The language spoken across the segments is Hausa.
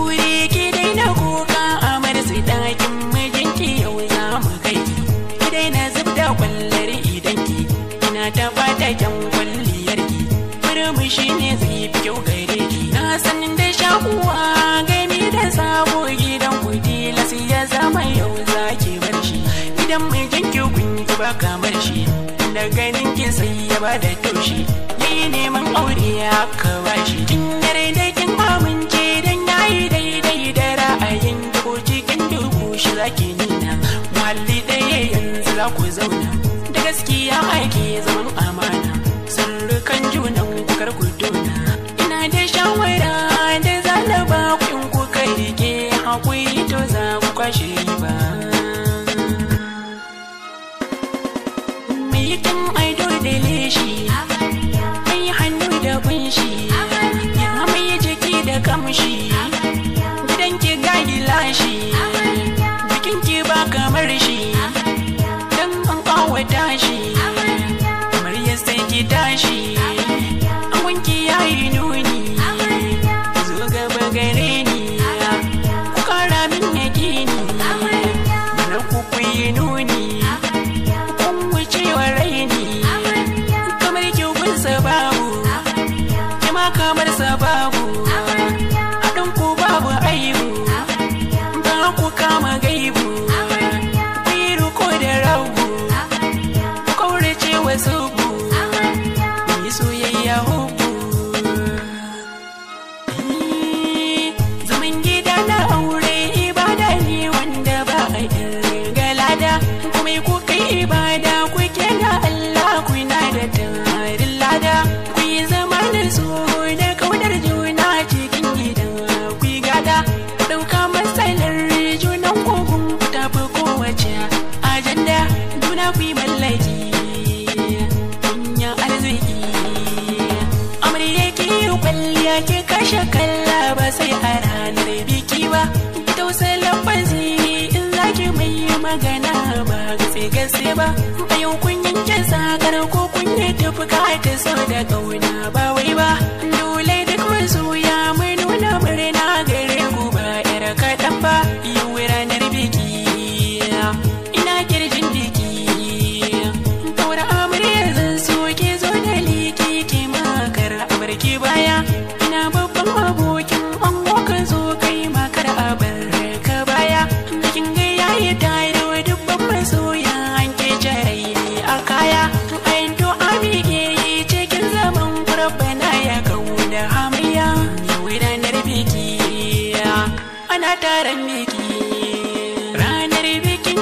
aure ki daina kuka amar sai dakin mijinki yau za mu kai ki daina zubda kwallar idan ki ina ta fata kyan kwalliyar ki murmushi ne zai fi kyau gare na san da shakuwa gami da sabo gidan ku ya zama yau za ki bar shi idan mijinki kun ki kamar shi da ganin ki sai ya ba da taushi ni neman aure haka ku zauna da gaskiya ake zaman amana sirrukan juna da kar ku ina da shawara da zalaba ku in ku kai rike hakuri to za ku kwashe ba me yakin aido da leshi mai hannu da kunshi ya mai jiki da kamshi na ku yi mallaki arziki amurya ki yi kwalliya ki kashe kalla ba sai a ranar biki ba ki tausa in za ki mai magana ba gase gase ba bayan kunyan kyan sakar ko kunya tafi ka ta sau da kauna ba barki baya ina babban abokin ango ka zo kai ma kada a ka baya kin ga yayi tare da duk babban soya an ke jayi a kaya ayin to ami ke yi cikin zaman kurbana ya da hamayya yau ranar biki ana taron biki ranar bikin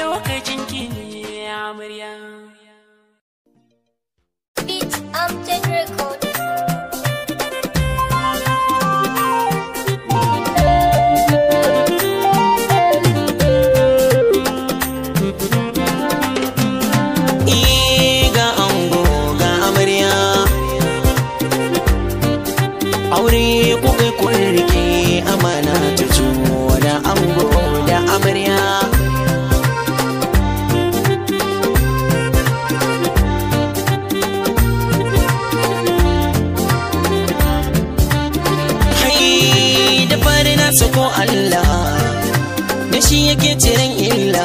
lokacin kini I'm Jane Recorder. suko ko Allah da shi yake ciran illa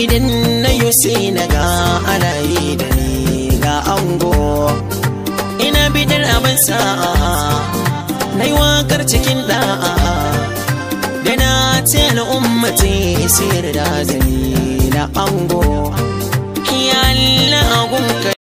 idan na yi na ga ana yi da ni ga ango ina bidar abin sa'a na yi wakar cikin da'a da na ce al'ummati siyar da zani na ango ya Allah